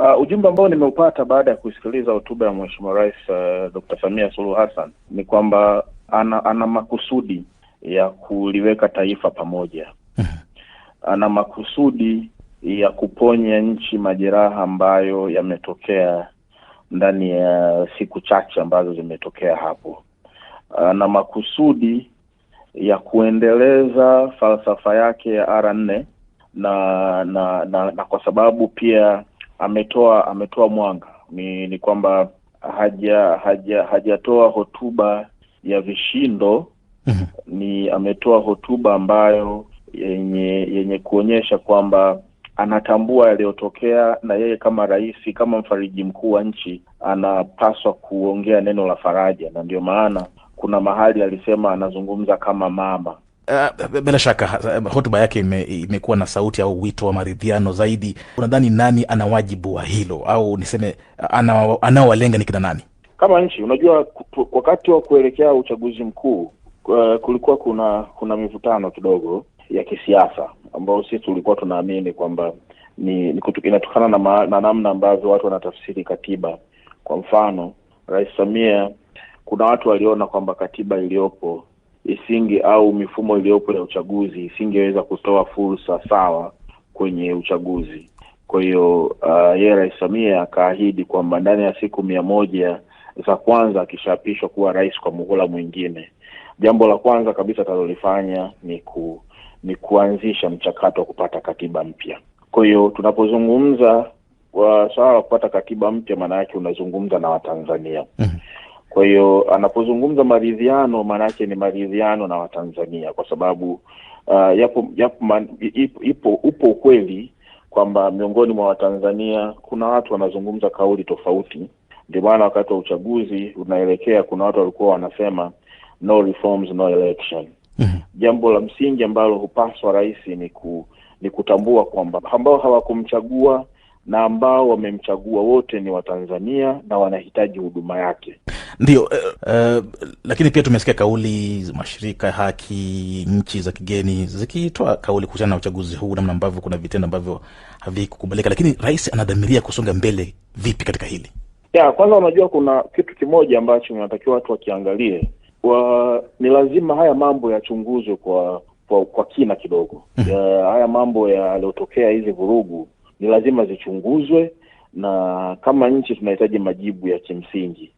Uh, ujumbe ambao nimeupata baada ya kusikiliza hotuba ya Mheshimiwa Rais uh, ah, Dr. Samia Suluhu Hassan ni kwamba ana, ana makusudi ya kuliweka taifa pamoja. Ana makusudi ya kuponya nchi majeraha ambayo yametokea ndani ya siku chache ambazo zimetokea hapo. Ana makusudi ya kuendeleza falsafa yake ya R nne na na, na na kwa sababu pia ametoa ametoa mwanga ni ni kwamba haja haja hajatoa hotuba ya vishindo mm-hmm. Ni ametoa hotuba ambayo yenye yenye kuonyesha kwamba anatambua yaliyotokea na yeye kama rais, kama mfariji mkuu wa nchi anapaswa kuongea neno la faraja, na ndio maana kuna mahali alisema anazungumza kama mama Uh, bila shaka eh, hotuba yake ime, imekuwa na sauti au wito wa maridhiano zaidi. Unadhani nani ana wajibu wa hilo, au niseme eh, anaowalenga ni kina nani kama nchi? Unajua, wakati wa kuelekea uchaguzi mkuu kulikuwa kuna kuna mivutano kidogo ya kisiasa ambayo sisi tulikuwa tunaamini kwamba ni, ni kutu, inatokana na, na namna ambavyo watu wanatafsiri katiba. Kwa mfano Rais Samia, kuna watu waliona kwamba katiba iliyopo isingi au mifumo iliyopo ya uchaguzi isingeweza kutoa fursa sawa kwenye uchaguzi. Kwa hiyo uh, yeye Rais Samia akaahidi kwamba ndani ya siku mia moja za kwanza akishaapishwa kuwa rais kwa muhula mwingine, jambo la kwanza kabisa atalolifanya ni ku, ni kuanzisha mchakato wa kupata katiba mpya. Kwa hiyo tunapozungumza uh, swala la kupata katiba mpya, maana yake unazungumza na Watanzania. Mhm. Kwa hiyo anapozungumza maridhiano, maanake ni maridhiano na Watanzania kwa sababu uh, yapo, yapo man, ipo, ipo, upo ukweli kwamba miongoni mwa Watanzania kuna watu wanazungumza kauli tofauti. Ndio maana wakati wa uchaguzi unaelekea, kuna watu walikuwa wanasema no reforms, no election. Mhm. Jambo la msingi ambalo hupaswa rais ni ku, ni kutambua kwamba ambao hawakumchagua na ambao wamemchagua wote ni Watanzania na wanahitaji huduma yake. Ndio, uh, lakini pia tumesikia kauli mashirika ya haki nchi za kigeni zikitoa kauli kuhusiana na uchaguzi huu, namna ambavyo kuna vitendo ambavyo havikukubalika, lakini rais anadhamiria kusonga mbele vipi katika hili? Ya kwanza, unajua kuna kitu kimoja ambacho inatakiwa watu wakiangalie wa, ni lazima haya mambo yachunguzwe kwa, kwa kwa kina kidogo. Mm-hmm. ya, haya mambo yaliyotokea hizi vurugu ni lazima zichunguzwe, na kama nchi tunahitaji majibu ya kimsingi